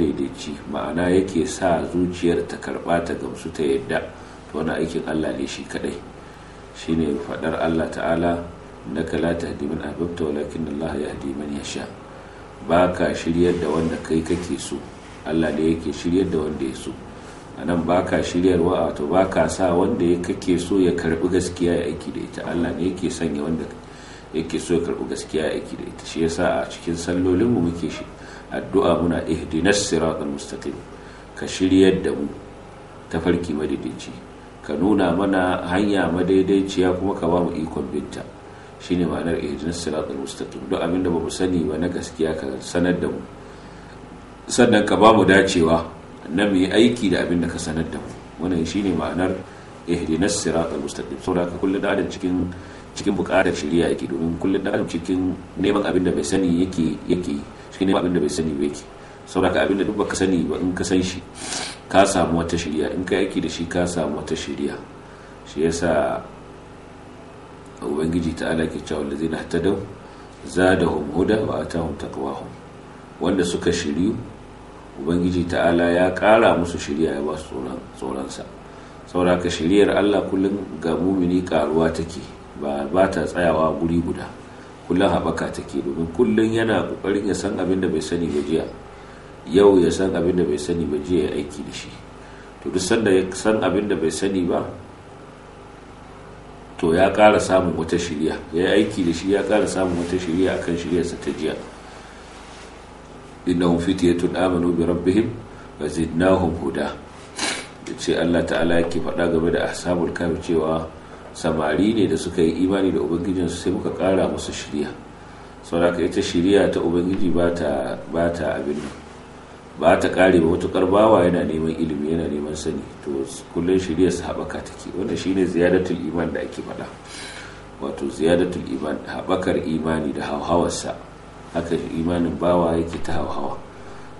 daidaici ma'ana yake sa zuciyar ta karba ta gamsu ta yadda to wani aikin Allah ne shi kadai shine fadar Allah ta'ala na la tahdi man ahbabta walakin Allah ya yahdi man Ba ka shiryar da wanda kai kake so Allah ne yake shiryar da wanda ya so a nan ba ka shiryar wa'a to ba ka sa wanda kake so ya karbi gaskiya ya aiki da ita Allah ne yake sanya wanda yake so ya karɓi gaskiya aiki da ita shi yasa a cikin sallolinmu muke shi addu'a muna ihdinas siratal mustaqim ka shiryar da mu tafarki madaidaici ka nuna mana hanya madaidaiciya kuma ka ba mu ikon binta shine ma'anar ihdinas siratal mustaqim duk abin da bamu sani ba na gaskiya ka sanar da mu sannan ka ba mu dacewa na mu yi aiki da abin da ka sanar da mu wannan shine ma'anar ihdinas siratal mustaqim saboda haka kullum da cikin cikin bukatar shari'a yake domin kullum da adam cikin neman abin da bai sani yake yake cikin neman abin da bai sani ba yake saboda abin da duk baka sani ba in ka san shi ka samu wata shari'a in ka aiki da shi ka samu wata shari'a shi yasa ubangiji ta ala ke cewa lazina hatadau zadahum huda wa atahum taqwahum wanda suka shiryu ubangiji Ala ya kara musu shirya ya ba su tsoronsa saboda ka shiryar allah kullum ga mumini karuwa take ba ta tsayawa guri guda kullum haɓaka take domin kullum yana ƙoƙarin ya san abin da bai sani ba jiya yau ya san abin da bai sani ba jiya ya aiki da shi to duk sanda ya san abin da bai sani ba to ya ƙara samun wata shirya ya yi aiki da shi ya ƙara samun wata shirya akan shiryarsa ta jiya yi tun amanu bi rabbihim wa zidnahum huda yace Allah ta'ala yake faɗa game da ashabul kafir cewa samari ne da suka yi imani da ubangijinsu sai muka kara musu shirya sauraka ita shirya ta ubangiji ba ta abin ba ta kare ba matukar bawa yana neman ilimi yana neman sani to kullum shirya su haɓaka take wanda shine ziyadatul iman da ake faɗa wato ziyadatul iman haɓakar imani da hauhawarsa haka imanin bawa yake ta hauhawa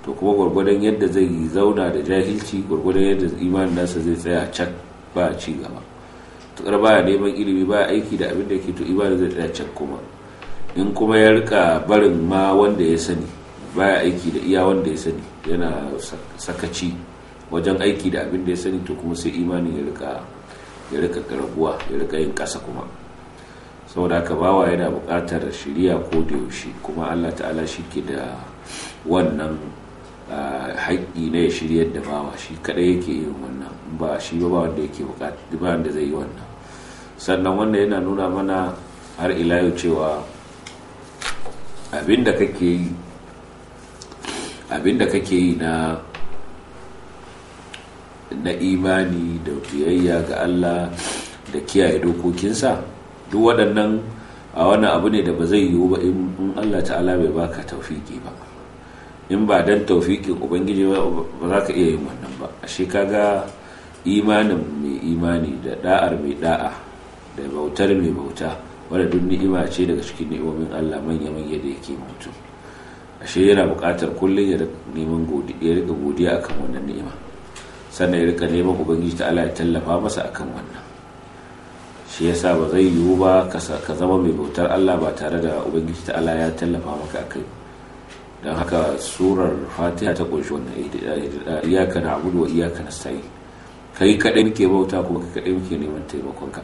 to kuma gwargwadon yadda zai zauna da jahilci gwargwadon yadda imanin nasa zai tsaya cak ba ci gaba tukar baya neman ilimi ba aiki da abin da ke to ibada zai tsaya can kuma in kuma ya rika barin ma wanda ya sani baya aiki da iya wanda ya sani yana sakaci wajen aiki da abin da ya sani to kuma sai imani ya rika ya rika karabuwa ya rika yin kasa kuma saboda haka bawa yana bukatar shirya ko da yaushe kuma Allah ta'ala shi ke da wannan haƙƙi na ya shirya da bawa shi kadai yake yi wannan ba shi ba ba wanda yake bukata ba wanda zai yi wannan sannan wannan yana nuna mana har ila yau cewa abinda kake yi abinda kake yi na na imani da biyayya ga Allah da kiyaye dokokinsa duk waɗannan a wani abu ne da ba zai yiwu ba in Allah ta'ala bai baka taufiki ba in ba dan taufikin ubangiji ba za ka iya yin wannan ba ashe ga imanin mai imani da da'ar mai da'a da bautar mai bauta wadda duk ni'ima ce daga cikin ni'imomin Allah manya manya da yake mutum ashe yana buƙatar kullum ya neman godiya rika godiya akan wannan ni'ima sannan ya rika neman ubangiji ta Allah ya tallafa masa akan wannan shi yasa ba zai yiwu ba ka zama mai bautar Allah ba tare da ubangiji ta Allah ya tallafa maka akai don haka surar fatiha ta ƙunshi wannan iyaka na abudu wa iyaka na sayi kai kaɗai muke bauta kuma kai kaɗai muke neman taimakonka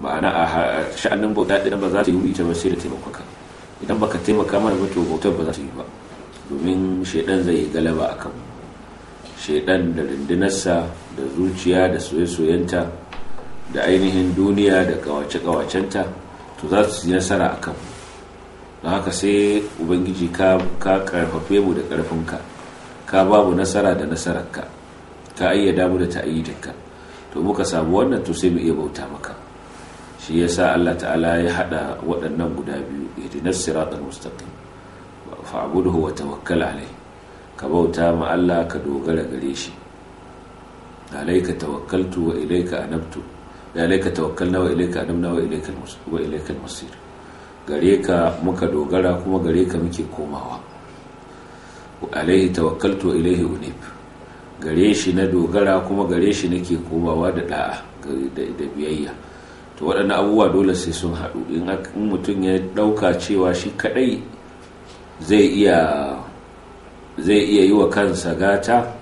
ma'ana a sha'anin bauta ɗin ba za ta yi ita ba sai da taimakon ka idan baka taimaka mana ba to bautar ba za ta yi ba domin shaidan zai galaba a kan shaidan da rundunarsa da zuciya da soye-soyenta da ainihin duniya da kawace-kawacenta to za su yi nasara a kanmu don haka sai ubangiji ka karfafe mu da karfinka ka ba mu nasara da nasararka ka ayyada mu da ta'ayyidinka to muka samu wannan to sai mu iya bauta maka shi yasa Allah ta'ala ya hada waɗannan guda biyu nasira da mustaqim fa'budhu wa tawakkal alayhi ka bauta ma Allah ka dogara gare shi alayka tawakkaltu wa ilayka anabtu alayka tawakkalna wa ilayka anabna wa ilayka al-masir gare ka muka dogara kuma gare ka muke komawa alaihi tawakkaltu ilaihi unib gare shi na dogara kuma gare shi nake komawa da da'a da biyayya to waɗannan abubuwa dole sai sun haɗu in mutum ya ɗauka cewa shi kaɗai zai iya zai iya yi wa kansa gata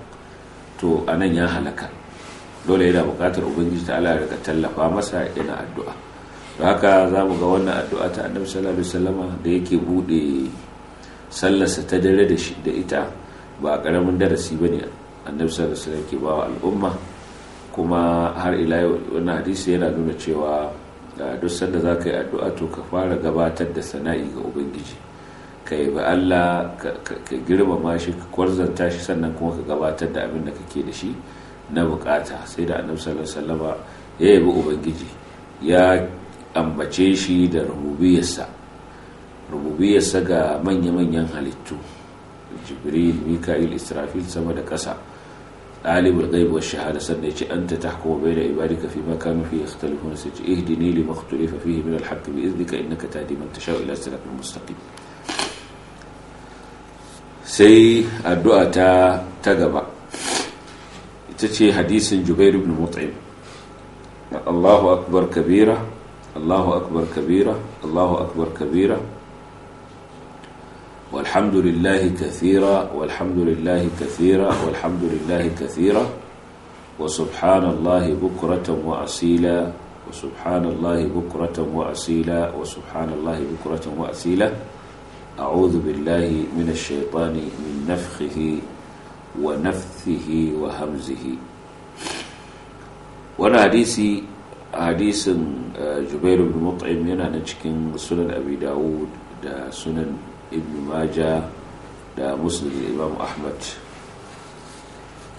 to anan ya halaka dole yana buƙatar ubangiji ta ala daga tallafa masa yana addu'a haka za mu ga wannan addu'a ta annabi sallallahu alaihi wasallama da yake bude sallarsa ta dare da shi da ita ba karamin darasi bane annabi sallallahu alaihi wasallam ke bawa al'umma kuma har ila yau wannan hadisi yana nuna cewa duk sanda za ka yi addu'a to ka fara gabatar da sana'i ga ubangiji ka yi ba Allah ka girmama shi ka kwarzanta shi sannan kuma ka gabatar da abin da kake da shi na bukata sai da annabi sallallahu alaihi wasallama ya yabi ubangiji ya ambace shi da rububiyarsa rububiyarsa ga manya-manyan halittu jibril mika'il israfil sama da ƙasa ɗalibul gaibu wa shahada sannan ce anta tahkumu bayna ibadika fi ma kanu fi yakhtalifun sai ce ihdini li ikhtalifa fihi min al-haqq bi idhnika innaka tahdi man tasha ila siratin mustaqim sai addu'a ta ta gaba ita ce hadisin jubair ibn mut'im الله أكبر كبيرة الله أكبر كبيرة الله أكبر كبيرة والحمد لله كثيرا والحمد لله كثيرا والحمد لله كثيرا وسبحان الله بكرة وأصيلا وسبحان الله بكرة وأصيلا وسبحان الله بكرة وأصيلا أعوذ بالله من الشيطان من نفخه ونفثه وهمزه وانا حديثي hadisin eh, jubairu bin mut'im yana na cikin sunan abi dawud da sunan ibn maja da muslim imam ahmad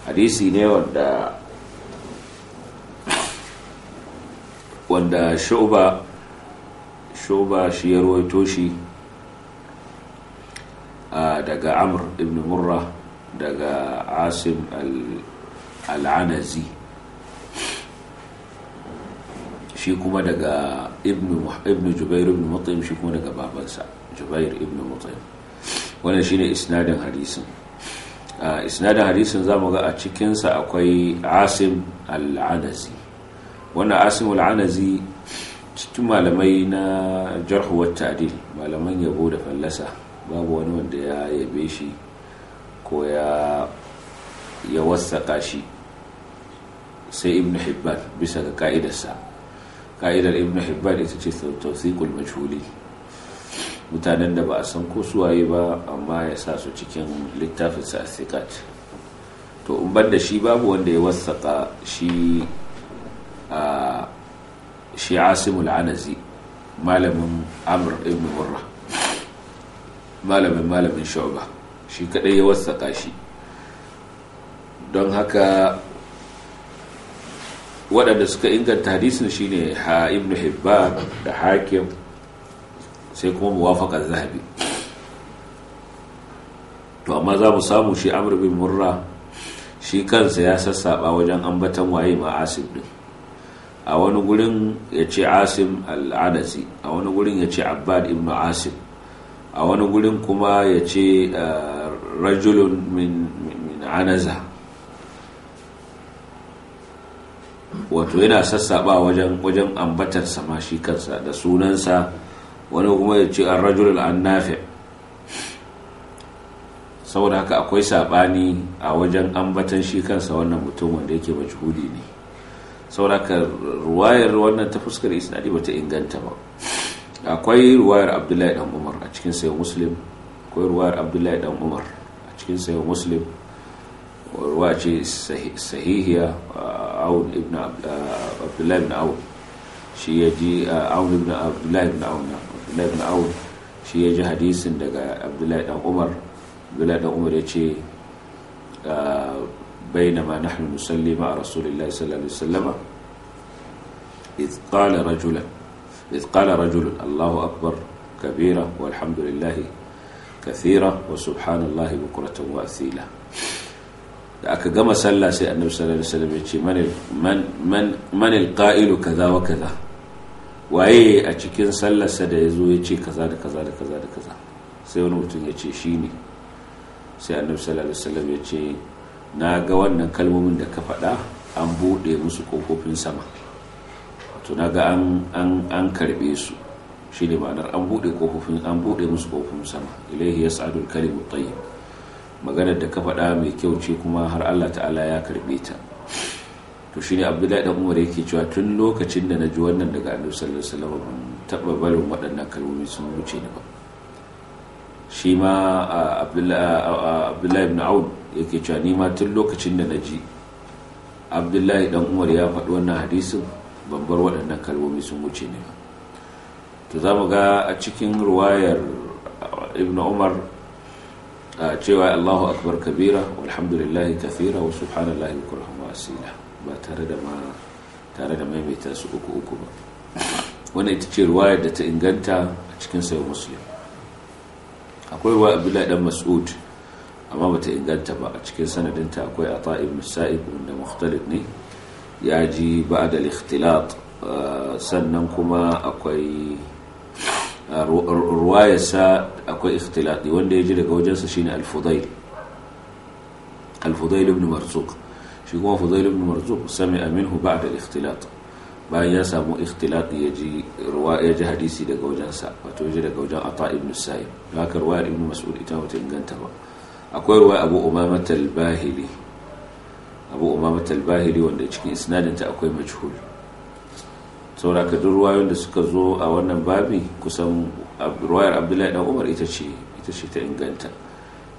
hadisi ne wanda wanda shuba shuba shi ya rawaito shi daga amr ibn murra daga asim al-anazi al shi kuma daga ibn jubair ibn mutaim shi kuma daga babansa jubair ibn mutaim wannan shine isnadin hadisin isnadin hadisin za mu ga a cikinsa akwai asim al'anazi wannan asim al'anazi cikin malamai na jarhuwar tadil malaman yabo da fallasa babu wani wanda ya yabe shi ko ya wasa kashi shi sai ibn hibban bisa ga ka'idarsa ka'idar ibn hibban ita ce tausikul majhuli mutanen da ba a san ko suwaye ba amma ya sa su cikin littafin sa sikat to in da shi babu wanda ya wasaka shi a shi asimul anazi malamin amr ibn murra malamin malamin shoba shi kadai ya wasaka shi don haka waɗanda suka inganta hadisin shine ha ibn hibban da hakim sai kuma muwafaqar zahabi to amma za mu samu shi amr bin murra shi kansa ya sassaba wajen ambatan waye ma asib din a wani gurin ya ce asim al'adasi a wani gurin ya ce abbad ibn asim a wani gurin kuma ya ce eh, rajulun min anaza wato yana sassaɓa wajen wajen ambatar sama shi kansa da sunansa wani kuma ya ce an rajul al'annafi saboda haka akwai saɓani a wajen ambatan shi kansa wannan mutum wanda yake majhuli ne saboda haka ruwayar wannan ta fuskar isnadi bata inganta ba akwai ruwayar abdullahi dan umar a cikin sayo muslim akwai ruwayar abdullahi dan umar a cikin muslim ruwa ce sahihiya uh, awun uh, uh, ibn abdullahi ibn awun shi ya ji ibn abdullahi ibn shi ya ji hadisin daga abdullahi dan umar abdullahi dan umar ya ce بينما نحن نصلي مع رسول الله صلى الله عليه وسلم إذ قال رجلا إذ قال رجل الله أكبر كبيرة والحمد لله da aka gama sallah sai annabi sallallahu alaihi wasallam ya ce man alqa'ilu kaza wa kaza waye a cikin sallarsa da ya zo ya ce kaza da kaza da kaza da kaza sai wani mutum ya ce shi ne sai annabi sallallahu alaihi wasallam ya ce na ga wannan kalmomin da ka faɗa an buɗe musu kofofin sama to na ga an an an karbe su shi ne ma'anar an buɗe musu kofofin sama ilaihi yas'adul kalimut tayyib maganar da ka faɗa mai kyau ce kuma har Allah ta'ala ya karɓe ta to shine Abdullahi dan Umar yake cewa tun lokacin da na ji wannan daga Annabi sallallahu alaihi wasallam taba barin waɗannan kalmomi sun wuce ni ba shi ma Abdullahi ibn Aun yake cewa ni ma tun lokacin da na ji Abdullahi dan Umar ya faɗi wannan hadisin ban bar waɗannan kalmomi sun wuce ni ba to za mu ga a cikin ruwayar Ibn Umar cewa Allahu akbar kabira alhamdulillahi kafira wa subhanallahi wa asila ba tare da ma tare da maimaita su uku uku ba wannan ita ce ruwayar da ta inganta a cikin sayo muslim akwai ruwa abdullahi dan mas'ud amma bata inganta ba a cikin sanadinta akwai ata ibn sa'ib wanda mukhtalif ne ya ji ba'da da ikhtilat eh, sannan kuma akwai Uh, ruwayarsa akwai ikhtilati wanda ya ji daga wajensa shine al-fudail al ibn shi kuma fudail ibn marzuq sami Aminu ba'da da ikhtilat bayan ya samu ikhtilat ya ji ji hadisi daga wajensa wato ya ji daga wajen ata ibn sa'ib haka ruwayar ibn mas'ud ita wata inganta ba akwai ruwayar abu umamah bahili abu umamah bahili wanda cikin isnadinta akwai majhul saboda duk ruwayoyin da suka zo a wannan babi kusan ruwayar abdullahi dan umar ita ce ita ce ta inganta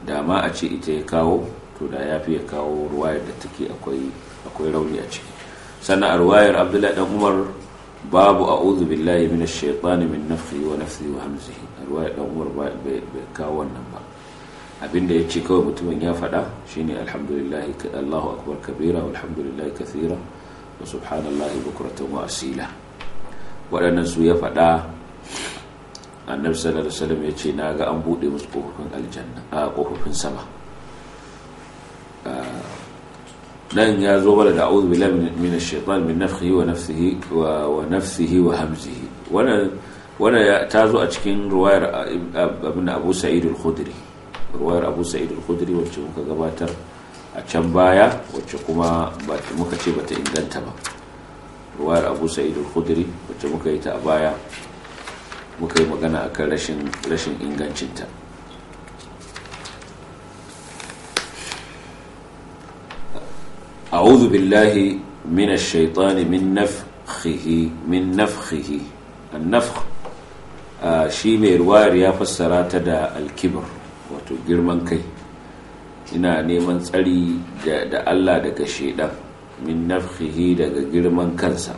dama a ce ita ya kawo to da ya fi ya kawo ruwayar da take akwai akwai rauni a ciki sannan a ruwayar abdullahi dan umar babu a'udhu billahi minash shaitani min nafsi wa nafsi wa hamzihi ruwayar dan umar bai kawo wannan ba abinda ya ce kawai mutumin ya faɗa shine alhamdulillah Allahu akbar kabira walhamdulillah kathira wa subhanallahi bukratan wa waɗannan su ya faɗa annabi sallallahu alaihi wasallam ya ce na ga an buɗe musu kofofin aljanna a kofofin sama nan ya zo bala da a'udhu billahi ash-shaytan min nafsihi wa nafsihi wa nafsihi wa hamzihi wannan wannan ta zo a cikin ruwayar abin Abu Sa'id al-Khudri ruwayar Abu Sa'id al-Khudri wacce muka gabatar a can baya wacce kuma muka ce bata inganta ba ruwayar abu sa'id al-khudri wacce muka yi ta a baya muka yi magana akan rashin rashin ingancinta أعوذ بالله من الشيطان من نفخه من نفخه النفخ shi mai ruwayar ya fassara ta da alkibar wato girman kai ina neman tsari da Allah daga shaidan min nafihi daga girman kansa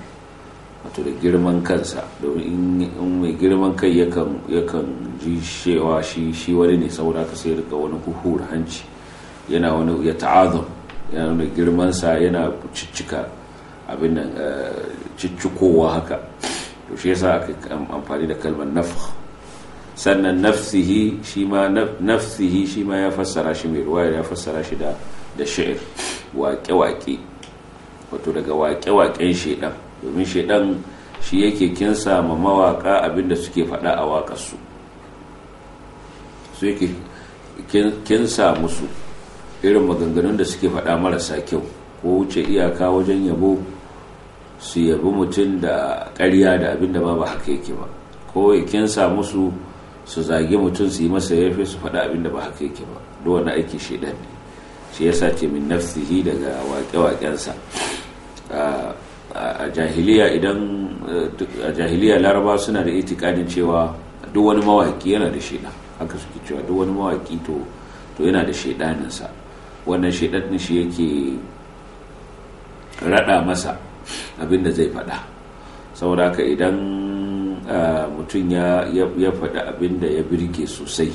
wato da girman kansa domin in mai girman kai yakan ji shewa shi shi wani ne saboda ka sai daga wani huhur hanci yana wani ya ta'azum yana wani girmansa yana ciccika abin da eh, ciccikowa haka to shi yasa aka amfani da kalmar nafh sannan nafsihi shi ma nafsihi shi ma ya fassara shi mai ruwa ya fassara shi da da shi'ir waƙe-waƙe wato daga waƙe-waƙen shaidan domin shaidan shi yake kinsa ma mawaƙa abinda suke faɗa a waƙarsu su yake kinsa musu irin maganganun da suke faɗa marasa kyau ko wuce iyaka wajen yabo su yabi mutum da ƙarya da abinda ba ba haka yake ba ko ya kinsa musu su zage mutum su yi masa yafe su faɗa abinda ba haka yake ba duk wani aiki shaidan ne shi yasa ce min nafsihi daga waƙe-waƙensa E, a jahiliya laraba suna da itikadin cewa duk wani mawaki yana da shida haka suke cewa duk wani mawaki to yana da shaidaninsa wannan shaidanin shi yake rada masa abinda zai faɗa saboda haka idan mutum ya faɗi abinda ya birge sosai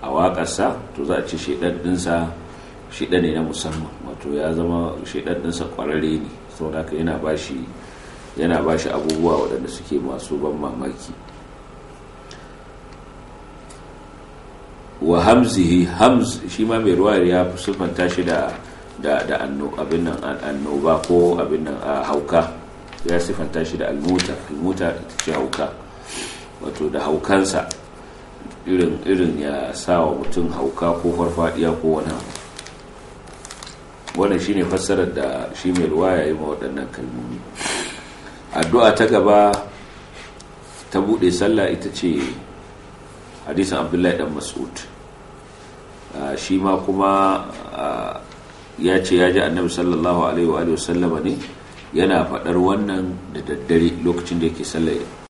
a waƙarsa to za a ce ɗinsa shaidan ne na musamman wato ya zama ɗinsa ƙwararre ne saboda haka yana bashi yana abubuwa waɗanda suke masu ban mamaki wa hamzihi shi ma mai ruwa ya fi siffanta shi da da abin nan annoba ko abin nan a hauka ya siffanta shi da almuta almuta ita ce hauka wato da haukansa irin ya sa wa mutum hauka ko farfadiya ko wani wannan shine fassarar da shi mai ruwa ya yi ma waɗannan kalmomi addu'a ta gaba ta buɗe sallah ita ce hadisin abdullahi dan mas'ud shi ma kuma ya ce ya ji annabi sallallahu alaihi wa sallama ne yana faɗar wannan da daddare lokacin da yake sallar